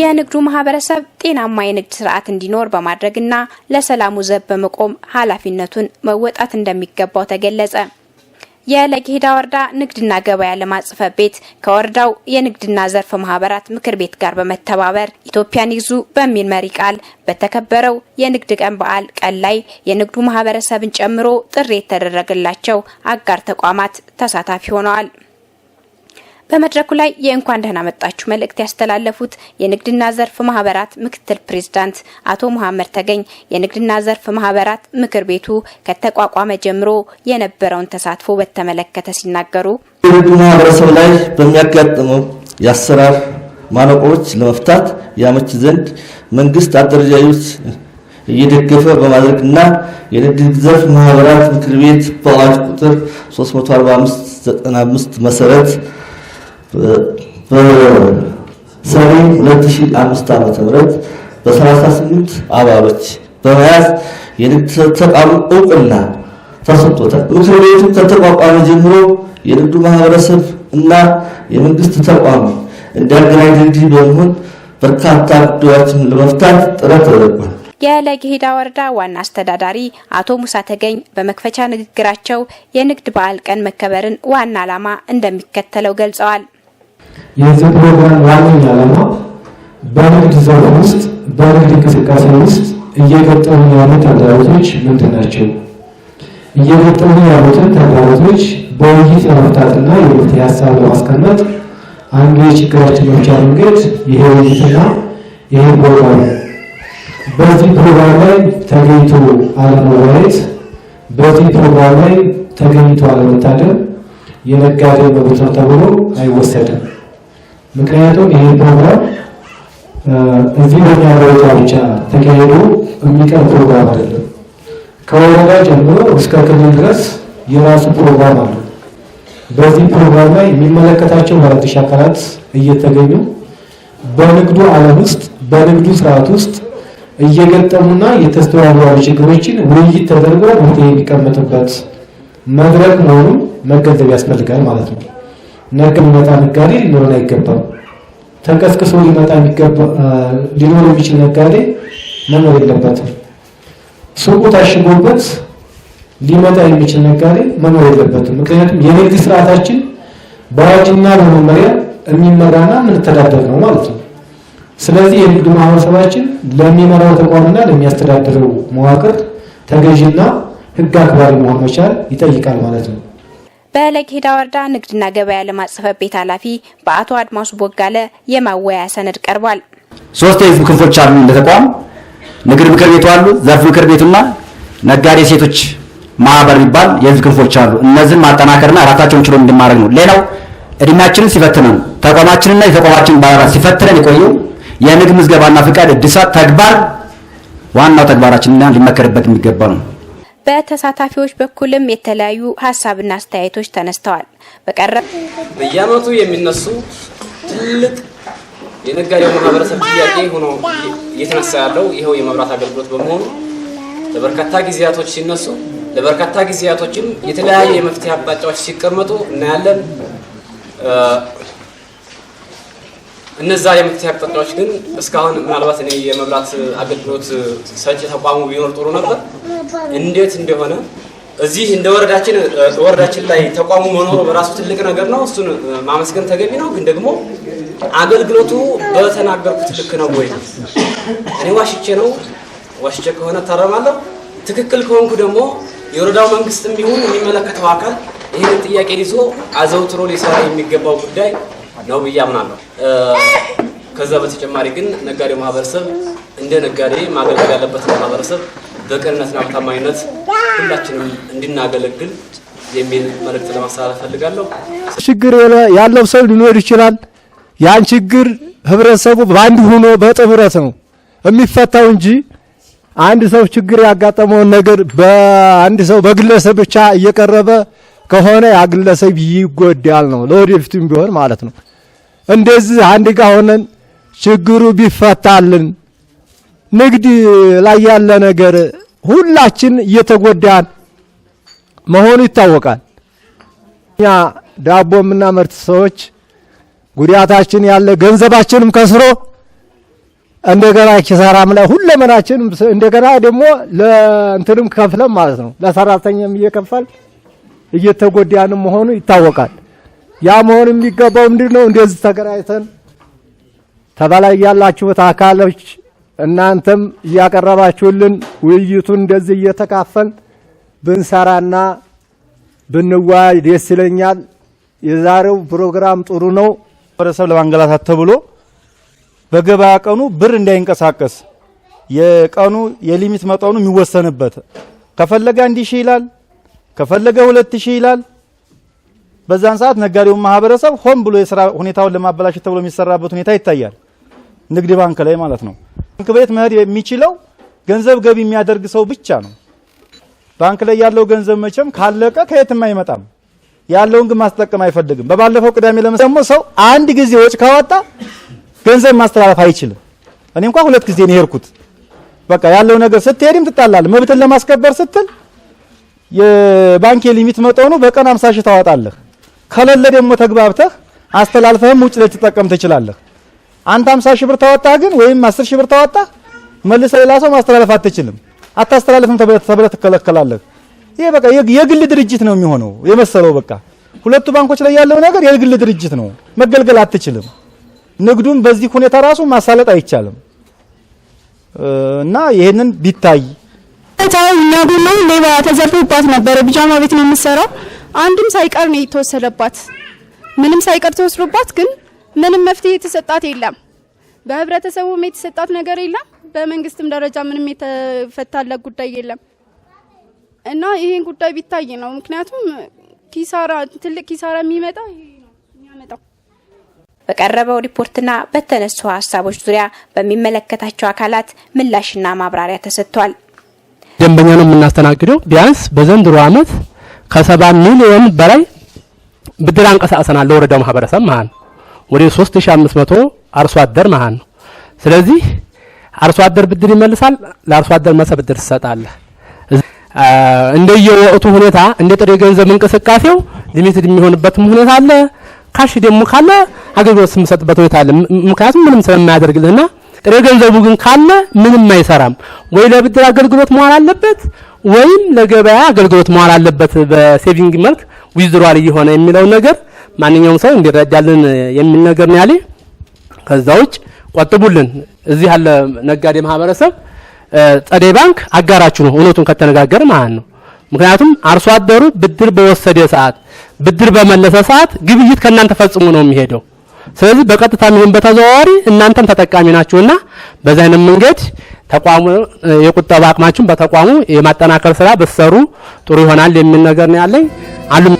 የንግዱ ማህበረሰብ ጤናማ የንግድ ስርዓት እንዲኖር በማድረግና ለሰላሙ ዘብ በመቆም ኃላፊነቱን መወጣት እንደሚገባው ተገለጸ። የለገሄዳ ወረዳ ንግድና ገበያ ልማት ቤት ከወረዳው የንግድና ዘርፍ ማህበራት ምክር ቤት ጋር በመተባበር ኢትዮጵያን ይግዙ በሚል መሪ ቃል በተከበረው የንግድ ቀን በዓል ቀን ላይ የንግዱ ማህበረሰብን ጨምሮ ጥሪ የተደረገላቸው አጋር ተቋማት ተሳታፊ ሆነዋል። በመድረኩ ላይ የእንኳን ደህና መጣችሁ መልእክት ያስተላለፉት የንግድና ዘርፍ ማህበራት ምክትል ፕሬዝዳንት አቶ መሐመድ ተገኝ የንግድና ዘርፍ ማህበራት ምክር ቤቱ ከተቋቋመ ጀምሮ የነበረውን ተሳትፎ በተመለከተ ሲናገሩ የንግድ ማህበረሰብ ላይ በሚያጋጥመው የአሰራር ማነቆዎች ለመፍታት ያመች ዘንድ መንግስት አደረጃጆች እየደገፈ በማድረግና የንግድ ዘርፍ ማህበራት ምክር ቤት በአዋጅ ቁጥር 345/95 መሰረት ሰኔ 2005 ዓ.ም በ38 አባሎች በመያዝ የንግድ ተቋም እውቅና ተሰጥቶታል። ምክር ቤቱ ከተቋቋመ ጀምሮ የንግዱ ማህበረሰብ እና የመንግስት ተቋም እንዲያገናኝ ድልድይ በመሆን በርካታ ጉዳዮችን ለመፍታት ጥረት ተደርጓል። የለገሂዳ ወረዳ ዋና አስተዳዳሪ አቶ ሙሳ ተገኝ በመክፈቻ ንግግራቸው የንግድ በዓል ቀን መከበርን ዋና ዓላማ እንደሚከተለው ገልጸዋል። የዚህ ፕሮግራም ዋነኛ ዓላማ በንግድ ዘርፍ ውስጥ በንግድ እንቅስቃሴ ውስጥ እየገጠሙ ያሉ ተግዳሮቶች ምንድን ናቸው? እየገጠሙ ያሉትን ተግዳሮቶች በውይይት ለመፍታትና የመፍትሄ ሀሳብ ለማስቀመጥ አንዱ የችግራችን መፍቻ መንገድ ይሄ ውይይትና ይሄ ፕሮግራም ነው። በዚህ ፕሮግራም ላይ ተገኝቶ አለመወያየት፣ በዚህ ፕሮግራም ላይ ተገኝቶ አለመታደም የነጋዴ መብት ነው ተብሎ አይወሰድም። ምክንያቱም ይሄ ፕሮግራም እዚህ በኛ ደረጃ ብቻ ተካሄዶ የሚቀር ፕሮግራም አይደለም። ከወረዳ ጀምሮ እስከ ክልል ድረስ የራሱ ፕሮግራም አለ። በዚህ ፕሮግራም ላይ የሚመለከታቸው ባለድርሻ አካላት እየተገኙ በንግዱ ዓለም ውስጥ በንግዱ ስርዓት ውስጥ እየገጠሙና የተስተዋሉ ችግሮችን ውይይት ተደርጎ መፍትሄ የሚቀመጥበት መድረክ መሆኑን መገንዘብ ያስፈልጋል ማለት ነው። ነገ የሚመጣ ነጋዴ ሊኖረን አይገባም። ተንቀስቅሶ ሊመጣ ሊኖር የሚችል ነጋዴ መኖር የለበትም። ሱቁ ታሽጎበት ሊመጣ የሚችል ነጋዴ መኖር የለበትም። ምክንያቱም የንግድ ስርዓታችን በአዋጅና በመመሪያ የሚመራና የምንተዳደር ነው ማለት ነው። ስለዚህ የንግድ ማህበረሰባችን ለሚመራው ተቋምና ለሚያስተዳድረው መዋቅር ተገዥና ሕግ አክባሪ መሆን መቻል ይጠይቃል ማለት ነው። በለጌዳ ወረዳ ንግድና ገበያ ልማት ቤት ኃላፊ በአቶ አድማሱ ቦጋለ የማወያ ሰነድ ቀርቧል። ሶስት የህዝብ ክንፎች አሉ እንደ ተቋም ንግድ ምክር ቤቱ አሉ፣ ዘርፍ ምክር ቤቱና ነጋዴ ሴቶች ማህበር የሚባል የህዝብ ክንፎች አሉ። እነዚህን ማጠናከርና ራሳቸውን ችሎ እንድማድረግ ነው። ሌላው እድሜያችንን ሲፈትነን ተቋማችንና የተቋማችን ባለራ ሲፈትነን የቆየው የንግድ ምዝገባና ፍቃድ እድሳት ተግባር ዋናው ተግባራችንና ሊመከርበት የሚገባ ነው። በተሳታፊዎች በኩልም የተለያዩ ሀሳብና አስተያየቶች ተነስተዋል። በቀረ በየአመቱ የሚነሱ ትልቅ የነጋዴው ማህበረሰብ ጥያቄ ሆኖ እየተነሳ ያለው ይኸው የመብራት አገልግሎት በመሆኑ ለበርካታ ጊዜያቶች ሲነሱ ለበርካታ ጊዜያቶችም የተለያየ የመፍትሄ አቅጣጫዎች ሲቀመጡ እናያለን። እነዛ የመፍትሄ አቅጣጫዎች ግን እስካሁን ምናልባት እኔ የመብራት አገልግሎት ሰጪ ተቋሙ ቢኖር ጥሩ ነበር። እንዴት እንደሆነ እዚህ እንደ ወረዳችን ወረዳችን ላይ ተቋሙ መኖሩ በራሱ ትልቅ ነገር ነው። እሱን ማመስገን ተገቢ ነው። ግን ደግሞ አገልግሎቱ በተናገርኩት ልክ ነው ወይ? እኔ ዋሽቼ ነው ዋሽቼ ከሆነ ታረማለሁ። ትክክል ከሆንኩ ደግሞ የወረዳው መንግስትም ቢሆን የሚመለከተው አካል ይህንን ጥያቄ ይዞ አዘውትሮ ሊሰራ የሚገባው ጉዳይ ነው ብዬ አምናለሁ። ከዛ በተጨማሪ ግን ነጋዴው ማህበረሰብ እንደ ነጋዴ ማገልገል ያለበት ማህበረሰብ በቅንነትና በታማኝነት ሁላችንም እንድናገለግል የሚል መልእክት ለማስተላለፍ ፈልጋለሁ። ችግር ያለው ሰው ሊኖር ይችላል። ያን ችግር ህብረተሰቡ በአንድ ሆኖ በጥምረት ነው የሚፈታው እንጂ አንድ ሰው ችግር ያጋጠመውን ነገር በአንድ ሰው በግለሰብ ብቻ እየቀረበ ከሆነ ያ ግለሰብ ይጎዳል ነው ለወደፊቱም ቢሆን ማለት ነው። እንደዚህ አንድ ጋ ሆነን ችግሩ ቢፈታልን ንግድ ላይ ያለ ነገር ሁላችን እየተጎዳን መሆኑ ይታወቃል። እኛ ዳቦ የምናመርት ሰዎች ጉዳታችን ያለ ገንዘባችንም ከስሮ እንደገና ኪሳራም ላይ ሁለመናችን እንደገና ደግሞ ለእንትንም ከፍለም ማለት ነው ለሰራተኛም እየከፈል እየተጎዳንም መሆኑ ይታወቃል። ያ መሆን የሚገባው ምንድን ነው? እንደዚህ ተገናኝተን ተበላይ ያላችሁት አካሎች እናንተም እያቀረባችሁልን ውይይቱን እንደዚህ እየተካፈል ብንሰራና ብንዋይ ደስ ይለኛል። የዛሬው ፕሮግራም ጥሩ ነው። ማህበረሰብ ለማንገላታት ተብሎ በገበያ ቀኑ ብር እንዳይንቀሳቀስ የቀኑ የሊሚት መጠኑ የሚወሰንበት ከፈለገ አንድ ሺህ ይላል፣ ከፈለገ ሁለት ሺህ ይላል። በዛን ሰዓት ነጋዴውን ማህበረሰብ ሆን ብሎ የስራ ሁኔታውን ለማበላሸት ተብሎ የሚሰራበት ሁኔታ ይታያል። ንግድ ባንክ ላይ ማለት ነው። ባንክ ቤት መሄድ የሚችለው ገንዘብ ገቢ የሚያደርግ ሰው ብቻ ነው። ባንክ ላይ ያለው ገንዘብ መቼም ካለቀ ከየትም አይመጣም። ያለውን ግን ማስጠቀም አይፈልግም። በባለፈው ቅዳሜ ለምሳሌ ደግሞ ሰው አንድ ጊዜ ወጭ ካወጣ ገንዘብ ማስተላለፍ አይችልም። እኔ እንኳ ሁለት ጊዜ ነው የሄድኩት። በቃ ያለው ነገር ስትሄድም ትጣላለ። መብትን ለማስከበር ስትል የባንክ ሊሚት መጠኑ በቀን 50 ሺህ ታወጣለህ። ከሌለ ደግሞ ተግባብተህ አስተላልፈህም ውጭ ልትጠቀም ትችላለህ። አንተ 50 ሺህ ብር ታወጣህ ግን ወይም 10 ሺህ ብር ታወጣህ መልሰህ ሌላ ሰው ማስተላለፍ አትችልም። አታስተላልፍም ተብለህ ትከለከላለህ። ይሄ በቃ የግል ድርጅት ነው የሚሆነው የመሰለው በቃ ሁለቱ ባንኮች ላይ ያለው ነገር የግል ድርጅት ነው። መገልገል አትችልም። ንግዱን በዚህ ሁኔታ ራሱ ማሳለጥ አይቻልም እና ይሄንን ቢታይ እኛ ሌባ ተዘርፎባት ነበር። ቢጃማ ቤት ነው የምትሰራው አንድም ሳይቀር ነው የተወሰደባት። ምንም ሳይቀር ተወስዶባት፣ ግን ምንም መፍትሄ የተሰጣት የለም። በህብረተሰቡም የተሰጣት ነገር የለም። በመንግስትም ደረጃ ምንም የተፈታለት ጉዳይ የለም እና ይሄን ጉዳይ ቢታይ ነው። ምክንያቱም ኪሳራ ትልቅ ኪሳራ የሚመጣ የሚያመጣው በቀረበው ሪፖርትና በተነሱ ሀሳቦች ዙሪያ በሚመለከታቸው አካላት ምላሽና ማብራሪያ ተሰጥቷል። ደንበኛ ነው የምናስተናግደው ቢያንስ በዘንድሮ አመት ከሰባ ሚሊዮን በላይ ብድር አንቀሳቅሰናል ለወረዳው ማህበረሰብ ነው ወደ 3500 አርሶ አደር መሀል ነው። ስለዚህ አርሶ አደር ብድር ይመልሳል። ለአርሶ አደር መሰ ብድር ትሰጣለህ። እንደየወቅቱ ሁኔታ እንደ ጥሬ ገንዘብ እንቅስቃሴው ሊሚትድ የሚሆንበትም ሁኔታ አለ። ካሽ ደግሞ ካለ አገልግሎት የምሰጥበት ሁኔታ አለ። ምክንያቱም ምንም ስለማያደርግልህና ጥሬ ገንዘቡ ግን ካለ ምንም አይሰራም። ወይ ለብድር አገልግሎት መዋል አለበት ወይም ለገበያ አገልግሎት መዋል አለበት። በሴቪንግ መልክ ዊዝድሯል እየሆነ የሚለው ነገር ማንኛውም ሰው እንዲረዳልን የሚል ነገር ነው ያለ። ከዛ ውጭ ቆጥቡልን። እዚህ ያለ ነጋዴ ማህበረሰብ ጸደይ ባንክ አጋራችሁ ነው፣ እውነቱን ከተነጋገር ማለት ነው። ምክንያቱም አርሶ አደሩ ብድር በወሰደ ሰዓት፣ ብድር በመለሰ ሰዓት ግብይት ከእናንተ ፈጽሞ ነው የሚሄደው። ስለዚህ በቀጥታ ይሁን በተዘዋዋሪ እናንተም ተጠቃሚ ናችሁና በዚህ አይነት መንገድ ተቋሙ የቁጠባ አቅማችሁን በተቋሙ የማጠናከር ስራ ብትሰሩ ጥሩ ይሆናል የሚል ነገር ነው ያለኝ አሉ።